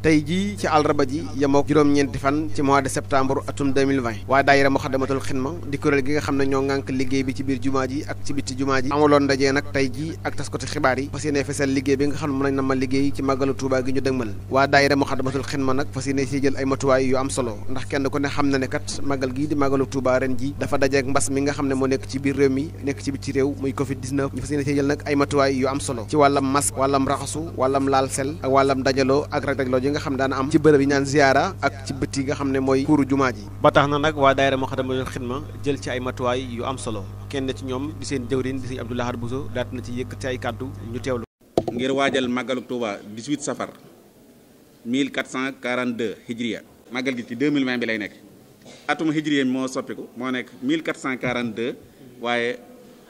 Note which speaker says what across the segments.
Speaker 1: tey jii ci àllarba ji yemook juróom-ñeenti fan ci mois de septembre atum 2020 waa daayira Moxaddamatul Xidma di kuréel gi nga xam ne ñoo ŋànk liggéey bi ci biir jumaa ji ak ci bitti jumaa ji amaloon ndaje nag xibaar yi fas yéene fesal na ma liggéey ci màggalu Tuubaa gi ñu dëgmal waa daayira Moxaddamatul Xidma nag fas yéene si jël ay matuwaay yu am solo ndax kenn ku ne xam na ne kat màggal gii di màggalu Tuubaa ji dafa dajeek mbas mi nga xam ne moo nekk ci biir réew mi nekk ci bitti réew muy covid 19 ñu fas yéene si jël nag ay matuwaay yu am solo ci wàllam masque wàllam raxasu wàllam laal sel ak wàllam dajaloo ak raj nga xam daana am ci bërëb yi ñaan ziyaara ak ci bët yi nga xam ne mooy kuuru jumaa ji ba tax na nag waa daayira Moukhaddamatoul Khidma jël ci ay matuwaay yu am solo kenn ci ñoom seen jëwriñ di sëñ Abdou Lahad Bousso daat na ci yëkkati ay kàddu ñu teewlu ngir waajal màggalu Touba 18 safar 1442 hijriya màggal gi ci 2020 bi lay nekk atum hijriya moo soppiku moo nekk 1442 waaye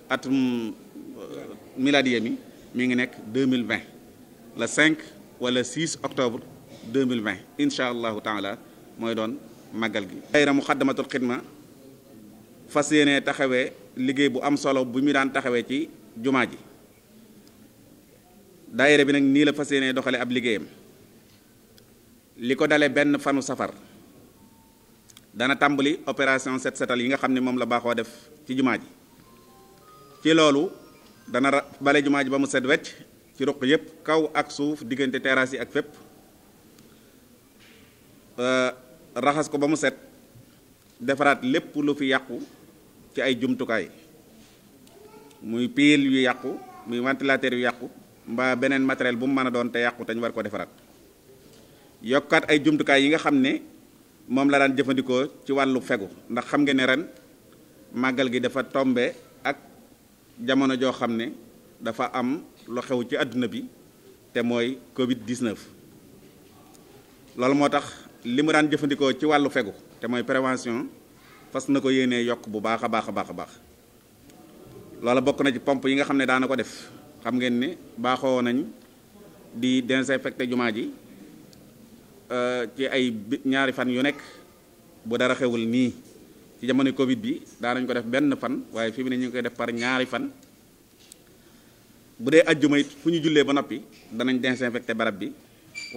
Speaker 1: atum euh, miladiya mi mi ngi nekk 2020 le 5 wala 6 octobre 2020 incha allahu taala mooy doon màggal gi dayra muxaddamatul xidma fas yéene taxawee liggéey bu am solo bu ñu daan taxawee ci jumaa ji daayira bi nag nii la fas yéene doxale ab liggéeyam li ko dale benn fanu safar dana tàmbali opération set setal yi nga xam ne moom la baaxoo def ci jumaa ji ci loolu dana bale jumaa ji ba mu set wecc ci ruq yépp kaw ak suuf diggante terrasse yi ak fépp Euh, raxas ko ba mu set defaraat lépp lu fi yàqu ci ay jumtukaay muy piil yu yàqu muy ventilateur yu yàqu mbaa beneen matériel bu mu mën a doon te yàqu te ñu war ko defaraat yokkaat ay jumtukaay yi nga xam ne moom la daan jëfandikoo ci wàllu fegu ndax xam nga ne ren màggal gi dafa tombe ak jamono joo xam ne dafa am lu xew ci àdduna bi te mooy Covid 19 loolu moo tax. li mu daan jëfandikoo ci wàllu fegu te mooy prévention fas na ko yéene yokk bu baax a baax a baax a baax loola bokk na ci pompe yi nga xam ne daana ko def xam ngeen ni baaxoo nañ di désinfecté jumaa ji euh, ci ay ñaari fan yu nekk bu dara xewul nii ci jamono Covid bi daanañ ko def benn fan waaye fi mu ne ñu ngi koy def par ñaari fan bu dee ajjuma it fu ñu jullee ba noppi danañ désinfecté barab bi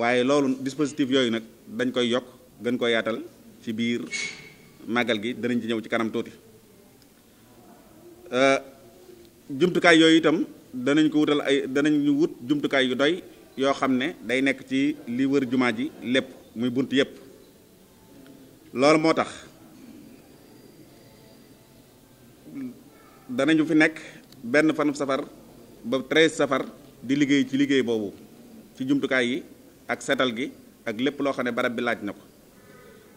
Speaker 1: waaye loolu dispositif yooyu nag dañ koy yokk gën ko yaatal ci biir màggal gi danañ ci ñëw ci kanam tuuti euh, jumtukaay yooyu itam danañ ko wutal ay danañ wut jumtukaay yu doy yoo xam ne day nekk ci li wër jumaa ji lépp muy bunt yépp loolu moo tax danañu fi nekk benn fanu safar ba treize safar di liggéey ci liggéey boobu ci jumtukaay yi ak setal gi ak lépp loo xam ne barab bi laaj na ko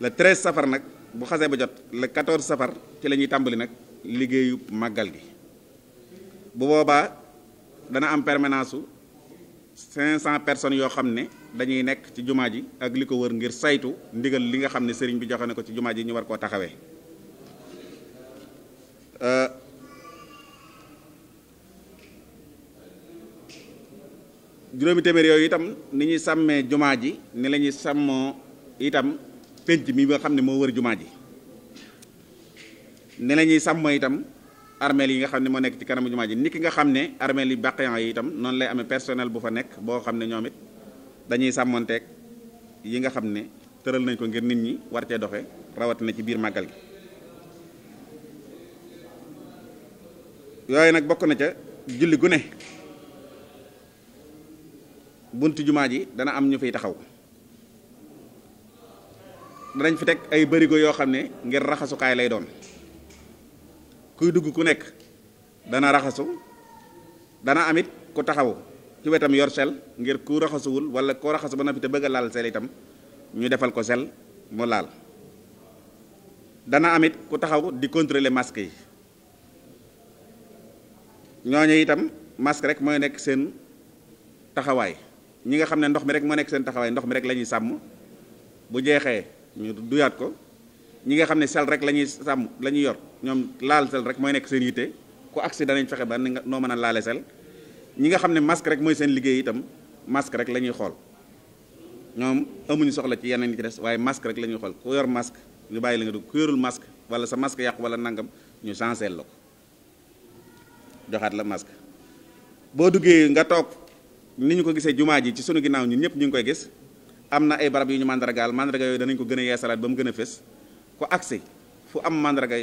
Speaker 1: le 13 safar nag bu xasee ba jot le 14 safar ci la ñuy tàmbali nag liggéeyu màggal gi bu boobaa dana am permanence su cent personnes yoo xam ne dañuy nekk ci jumaa ji ak li ko wër ngir saytu ndigal li nga xam ne sëriñ bi joxe na ko ci jumaa ji ñu war koo taxawee. Euh, juróomi téeméer yooyu itam ni ñuy sàmmee jumaa ji ni la ñuy sàmmoo itam pénc mi nga xam ne moo wër jumaa ji ni la ñuy sàmmoo itam armeel yi nga xam ne moo nekk ci kanamu jumaa ji nit ki nga xam ne armeel yi bàqiyan yi itam noonu lay amee personnel bu fa nekk boo xam ne ñoomit it dañuy sàmmonteeg yi nga xam ne tëral nañ ko ngir nit ñi warte cee doxe rawatina ci biir màggal gi yooyu nag bokk na ca julli gune buntu jumaa ji dana am ñu fiy taxaw danañ fi teg ay bërigo yoo xam ne ngir raxasukaay lay doon kuy dugg ku nekk dana raxasu dana amit ku taxaw ci wetam yor sel ngir ku raxasuwul wala koo raxasu ba na fi te bëgg a laal sel itam ñu defal ko sel mu laal dana amit ku taxaw di contrôler masque yi ñooñu itam masque rek mooy nekk seen taxawaay ñi nga xam ne ndox mi rek moo nekk seen taxawaay ndox mi rek la sàmm bu jeexee ñu duyaat ko ñi nga xam ne sel rek la ñuy sàmm la ñuy yor ñoom laal sel rek mooy nekk seen yitte ku agsi danañ fexe ba noo mën a laale sel ñi nga xam ne masque rek mooy seen liggéey itam masque rek la ñuy xool ñoom amuñu soxla ci yeneen yi ci des waaye masque rek la ñuy xool ku yor masque ñu bàyyi la nga dugg ku yorul masque wala sa masque yàqu wala nangam ñu chancel la ko joxaat la ni ñu ko gisee jumaa ji ci sunu ginnaaw ñun ñëpp ñu ngi koy gis am na ay barab yu ñu màndargaal mandarga yooyu danañ ko gën a yeesalaat ba mu gën a fés ku agsi fu am mandarga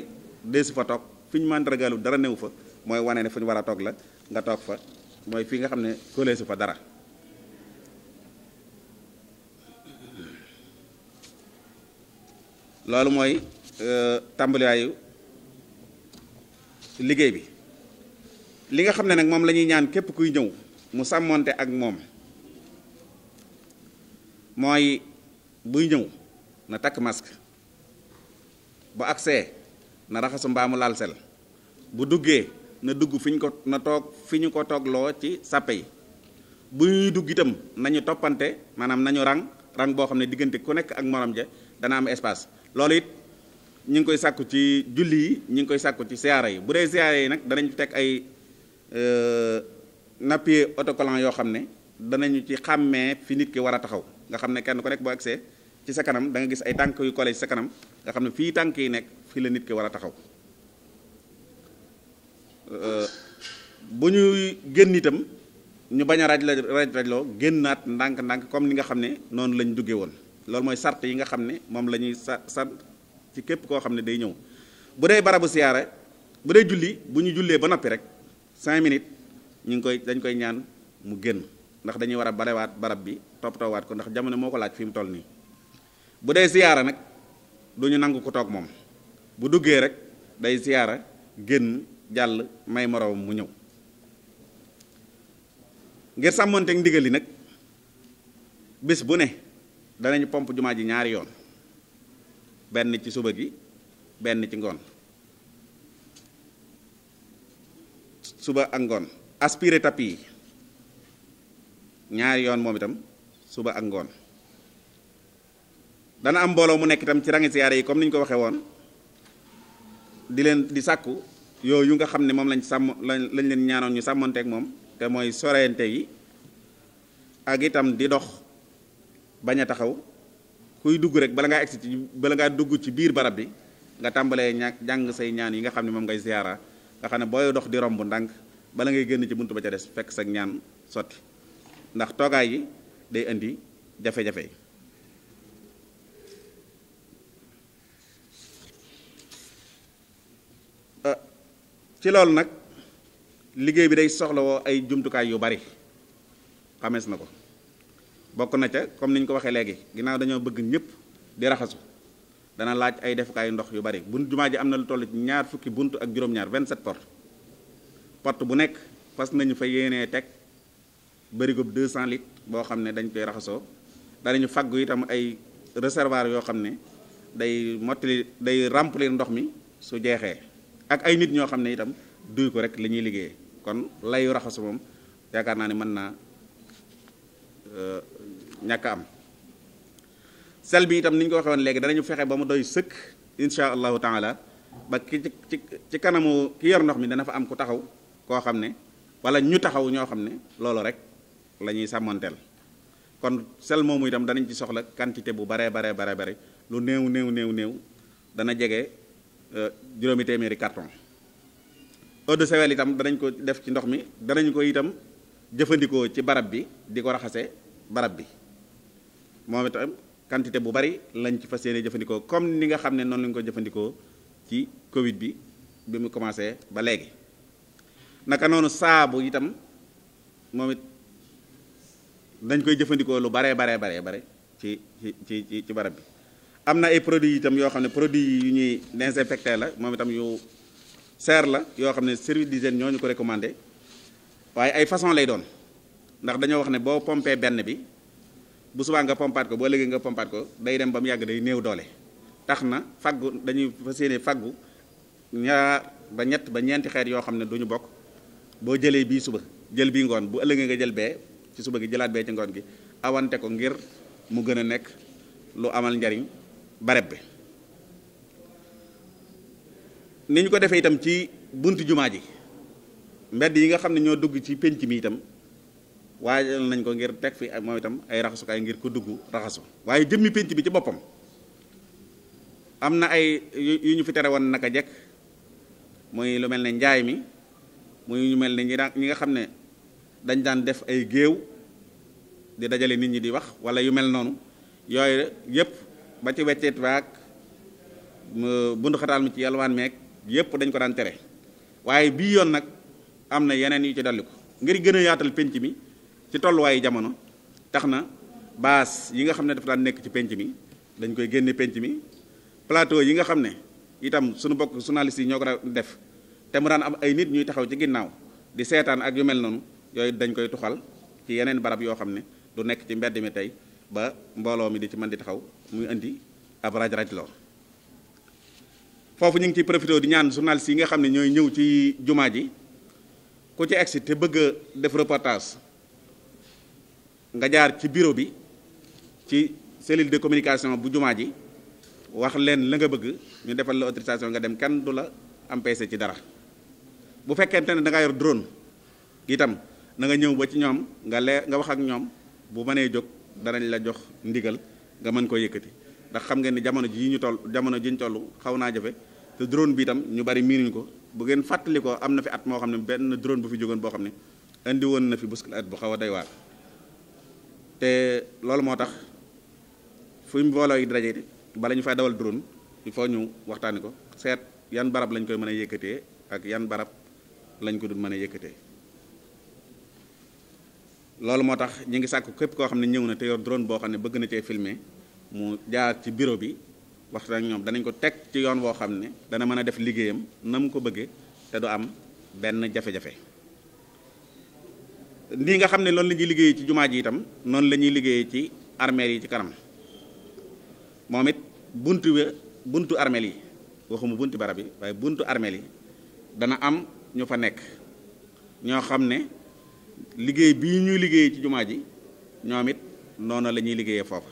Speaker 1: dee si fa toog fi ñu màndargaalu dara newu fa mooy wane ne fu ñu war a toog la nga toog fa mooy fii nga xam ne kóolee su fa dara loolu mooy euh, tàmbaliwaayu liggéey bi li nga xam ne nag moom la ñuy ñaan képp kuy ñëw mu sàmmoonte ak moom mooy buy ñëw na takk mask bu agsee na raxasu mbaamu laal sel bu duggee na dugg fi ñu ko na toog fi ñu ko toogloo ci sàppe yi bu ñuy dugg itam nañu toppante maanaam nañu rang rang boo xam ne diggante ku nekk ak morom ja dana am espace loolu it ñu ngi koy sàkku ci julli yi ñu ngi koy sàkku ci siyaara yi bu dee siyaara yi nag danañ teg ay euh, nappee autocollant yoo xam ne ñu ci xàmmee fi nit ki war a taxaw nga xam ne kenn ko nekk boo agsee ci sa kanam da nga gis ay tànk yu collé ci sa kanam nga xam ne fii tànk yi nekk fii la nit ki war a taxaw euh, bu ñuy génn itam ñu bañ a raj la raj génn génnaat ndànk-ndànk comme ni nga xam ne noonu lañ duggee woon loolu mooy sart yi nga xam ne moom la ñuy sa sant ci képp koo xam ne day ñëw bu dee barabu siyaare bu dee julli bu ñu jullee ba noppi rek cinq minutes ñu ngi koy dañ koy ñaan mu génn ndax dañuy war a balewaat barab bi toowaat ko ndax jamono moo ko laaj fi mu toll nii bu dee siyaara nag du ñu nangu ko toog moom bu duggee rek day siyaara génn jàll may moroom mu ñëw ngir sàmmoonteeg ndigal yi nag bis bu ne danañu pomp jumaa ji ñaari yoon benn ci suba gi benn ci ngoon suba ak ngoon aspiré tapis yi ñaari yoon moom itam suba ak ngoon dana am mbooloo mu nekk itam ci rangi siyaare yi comme ni ñu ko waxee woon di leen di sàkku yooyu nga xam ne moom lañ sàmm lañ leen ñaanoon ñu sàmmanteeg moom te mooy soreyante yi ak itam di dox bañ a taxaw kuy dugg rek bala ngaa egsi ci bala ngaa dugg ci biir barab bi nga tàmbalee ña jàng say ñaan yi nga xam ne moom ngay ziyaara nga xam ne booy dox di romb ndànk bala ngay génn ci bunt ba ca des fekk sag ñaan sotti ndax toogaay yi day indi jafe-jafe yi euh, ci loolu nag liggéey bi day soxlawoo ay jumtukaay yu bari xamees na ko bokk na ca comme ni ñu ko waxee léegi ginnaaw dañoo bëgg ñëpp di raxasu dana laaj ay defukaayu ndox yu bari bunt jumaa ji am na lu toll ci ñaar fukki bunt ak juróom-ñaar 27 portes porte bu nekk fas nañu fa yéenee teg bërigub 200 litres boo xam ne dañ koy raxasoo danañu faggu itam ay réservoir yoo xam ne day mottali day remplir ndox mi su jeexee ak ay nit ñoo xam ne itam duy ko rek li ñuy liggéey kon layu raxasu moom yaakaar naa ne mën naa euh, ñàkk am sel bi itam ni ñu ko waxee woon léegi danañu fexe ba mu doy sëkk incha allahu taala ba ki ci ci kanamu ki yor ndox mi dana fa am ku taxaw koo xam ne wala ñu taxaw ñoo xam ne loolu rek lañuy ñuy kon sel moomu itam danañ ci soxla quantité bu baree baree baree bare lu néew néew néew néew dana jege euh, juróomi téeméeri carton eau de sewel itam danañ ko def ci ndox mi danañu ko itam jëfandikoo ci barab bi di ko raxase barab bi moom itam quantité bu bari lañ ci fas yéene jëfandikoo comme ni nga xam ne noonu lañ ko jëfandikoo ci Covid bi bi mu commencé ba léegi. naka noonu saabu itam moom it dañ koy jëfandikoo lu baree baree baree bare ci ci ci ci barab bi am na ay produits itam yoo xam ne produit yi yu ñuy désinfecté la moom itam yu seer la yoo xam ne service d'hygiène ñoo ñu ko recommandé waaye ay façon lay doon ndax dañoo wax ne boo pompé benn bi bu subaa nga pompaat ko boo léegi nga pompaat ko day dem ba mu yàgg day néew doole tax na faggu dañuy fas yéene faggu ñaar ba ñett ba ñeenti xeet yoo xam ne duñu ñu bokk boo jëlee bii suba jël bii ngoon bu ëllëgee nga jël bee ci suba gi jëlaat bee ci ngoon gi awante ko ngir mu gën a nekk lu amal njariñ bareb bi ni ñu ko defee itam ci bunt jumaa ji mbedd yi nga xam ne ñoo dugg ci pénc mi itam waajal nañ ko ngir teg fi moom itam ay raxasukaay ngir ko dugg raxasu waaye jëmmi pénc bi ci boppam am na ay yu ñu fi tere woon naka jekk muy lu mel ne njaay mi muy ñu mel ni ngi ñi nga xam ne dañ daan def ay géew di dajale nit ñi di wax wala yu mel noonu yooyu yëpp ba ci wecceet waak bundu xataal mi ci yalwaan meeg yëpp dañ ko daan tere waaye bii yoon nag am na yeneen yu ci dolli ko ngir gën a yaatal penc mi ci tolluwaayu jamono tax na baas yi nga xam ne dafa daan nekk ci penc mi dañ koy génne penc mi plateau yi nga xam ne itam sunu bokk journaliste yi ñoo ko def te mu daan am ay nit ñuy taxaw ci ginnaaw di seetaan ak yu mel noonu yooyu dañ koy tuxal ci yeneen barab yoo xam ne du nekk ci mbedd mi tey ba mbooloo mi di ci man di taxaw muy indi ab raj raj loo foofu ñu ngi ciy profité di ñaan journaliste yi nga xam ne ñooy ñëw ci jumaa ji ku ci egsi te bëgg a def reportage nga jaar ci bureau bi ci cellule de communication bu jumaa ji wax leen la nga bëgg ñu defal la autorisation nga dem kenn du la empêché ci dara bu fekkente ne da yor drone itam na nga ñëw ba ci ñoom nga lee nga wax ak ñoom bu mënee jóg danañ la jox ndigal nga mën ko yëkkati ndax xam nga ni jamono ji ñu toll jamono ji ñu toll xaw naa jafe te drone bi itam ñu bari miinuñ ko bu ngeen fàttali ko am na fi at moo xam ne benn drone bu fi jógoon boo xam ne indi woon na fi at bu xaw a day waar te loolu moo tax fu mbooloo yi daje bala ñu fay dawal drone il faut ñu waxtaani ko seet yan barab lañ koy mën a yëkkatee ak yan barab lañ ko doon mën a yëkkatee loolu moo tax ñu ngi sàkk képp koo xam ne ñëw na te yor drone boo xam ne bëgg na cee filmer mu jaar ci bureau bi waxtaan ak ñoom danañ ko teg ci yoon woo xam ne dana mën a def liggéeyam na mu ko bëggee te du am benn jafe-jafe lii nga xam ne loolu la liggéey ci jumaa ji itam noon lañuy ñuy ci armeel yi ci kanam moom it buntu buntu armeel yi waxuma buntu barab yi waaye buntu armeel yi dana am ñu fa nekk ñoo xam ne liggéey bii ñuy liggéeyee ci jumaa ji ñoom it noonu la ñuy liggéeyee foofa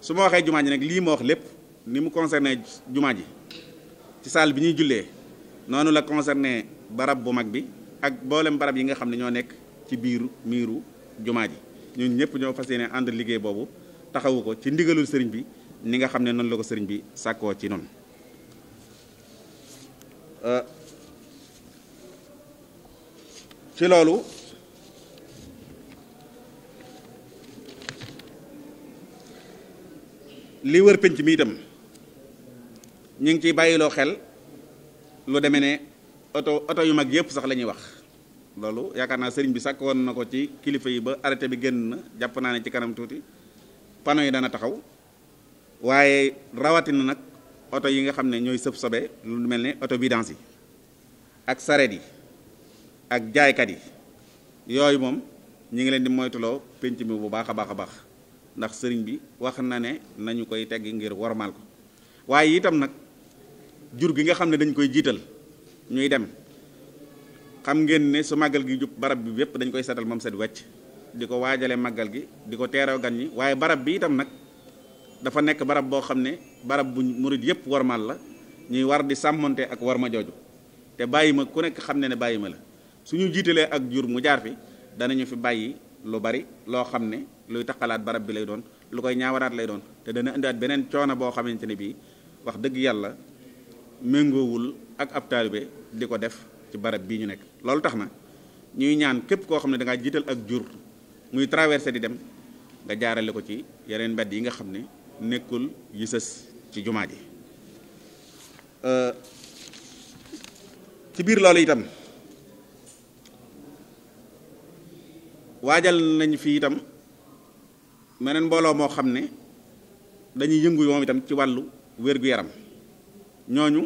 Speaker 1: su ma waxee jumaa ji nag lii ma wax lépp ni mu concerné jumaa ji ci salle bi ñuy jullee noonu la concerné barab bu mag bi ak boolem barab yi nga xam ne ñoo nekk ci biiru miiru jumaa ji ñun ñëpp ñoo fas yéene ànd liggéey boobu taxawu ko ci ndigalul sëriñ bi ni nga xam ne noonu la ko sëriñ bi sàkkoo ci noonu euh, ci loolu lii wër pénc mi itam ñu ngi ciy bàyyiloo xel lu demee ne oto oto yu mag yëpp sax lañuy wax loolu yaakaar naa sëriñ bi sàkk woon na ko ci kilifa yi ba arrêté bi génn na jàpp naa ne ci kanam tuuti pano yi dana taxaw waaye rawatina nag oto yi nga xam ne ñooy sëb sobe lu mel ne oto vidange yi ak sareet yi ak jaaykat yi yooyu moom ñu ngi leen di moytuloo penc mi bu baax a baax a baax ndax sëriñ bi wax na ne nañu koy tegg ngir wormaal ko waaye itam nag jur gi nga xam ne dañ koy jiital ñuy dem xam ngeen ne su màggal gi jub barab bi yépp dañ koy setal moom set wecc di ko waajale màggal gi di ko teeroo gan ñi waaye barab bi itam nag dafa nekk barab boo xam ne barab bu murit yépp warmal la ñuy war di sàmmonte ak warma jooju te bàyyi ma ku nekk xam ma la su ñu jiitalee ak jur mu jaar fi danañu fi bàyyi lu bari loo xam ne luy taqalaat barab bi lay doon lu koy ñaawaraat lay doon te dana indiwaat beneen coono boo xamante ne bii wax dëgg yàlla méngoowul ak ab taalibe di ko def ci barab bii ñu nekk loolu tax na ñuy ñaan képp koo xam ne da jiital ak jur muy traversé di dem nga jaarale ko ci yeneen mbedd yi nga xam ne nekkul yi ci jumaa ji euh, ci biir loolu itam waajal nañ fii itam meneen mbooloo moo xam ne dañuy yëngu moom itam ci wàllu wér-gu-yaram ñooñu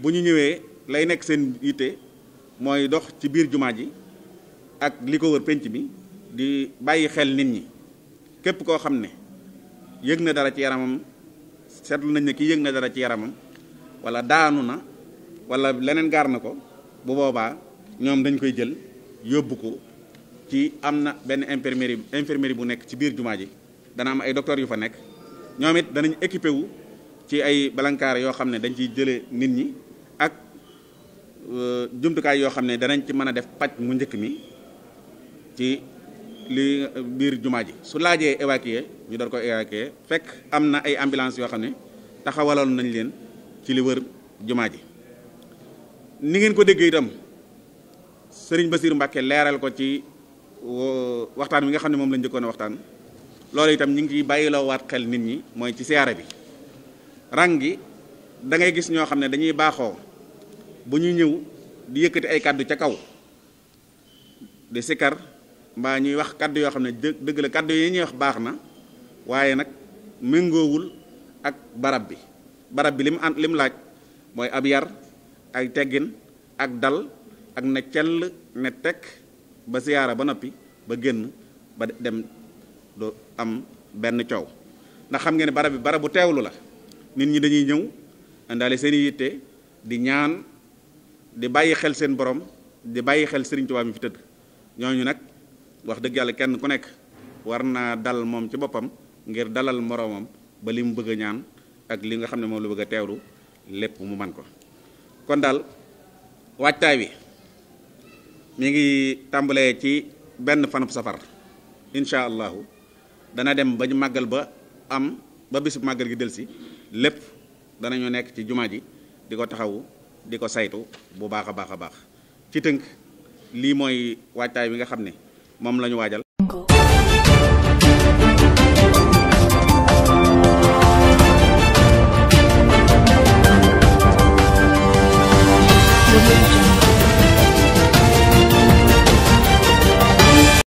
Speaker 1: bu ñu ñëwee lay nekk seen yitte mooy dox ci biir jumaa ji ak li ko wër pénc mi di bàyyi xel nit ñi képp koo xam ne yëg na dara ci yaramam seetlu nañ ne ki yëg na dara ci yaramam walla daanu na wala leneen gaar na ko bu boobaa ñoom dañ koy jël yóbbu ko ci am na benn infirmerie infirmerie bu nekk ci biir jumaa ji dana am ay docteurs yu fa nekk ñoom it danañ équipé wu ci ay balankaar yoo xam ne dañ ciy jëlee nit ñi ak euh, jumtukaay yoo xam ne danañ ci mën a def paj mu njëkk mi ci li biir jumaa ji su laajee évacuer ñu door ko évacuer fekk am na ay ambulance yoo xam ne taxawaloon nañ leen ci li wër jumaa ji ni ngeen ko déggee itam sëriñ Basiir Mbàkke leeral ko ci waxtaan wi nga xam ne moom lañ njëkkoon a waxtaan loolu itam ñu ngi ciy bàyyiloo waat xel nit ñi mooy ci siyaare bi ràng gi dangay gis ñoo xam ne dañuy baaxoo bu ñu ñëw di yëkkati ay kàddu ca kaw di sikar mbaa ñuy wax kàddu yoo xam ne dëgg la kàddu yi ñuy wax baax na waaye nag méngoowul ak barab bi barab bi li mu ànd li laaj mooy ab yar ay teggin ak dal ak na cell ne tekk ba siyaara ba noppi ba génn ba dem du am benn coow ndax xam nga ne barab bi bara bu teewlu la nit ñi dañuy ñëw indaale seen i yitte di ñaan di bàyyi xel seen boroom di bàyyi xel Sëriñ Tuubaa mi fi tëdd ñooñu nag wax dëgg yàlla kenn ku nekk war naa dal moom ci boppam ngir dalal moroomam ba li mu bëgg a ñaan ak li nga xam ne moom lu bëgg a teewlu lépp mu man ko kon daal waajtaay wi mi ngi tàmbalee ci benn fanub safar incha allahu dana dem ba màggal ba am ba bisub màggal gi delsi lépp danañu nekk ci jumaa ji di ko taxawu di ko saytu bu baax a baax a baax ci tënk lii mooy waajtaay bi nga xam ni moom la ñu waajal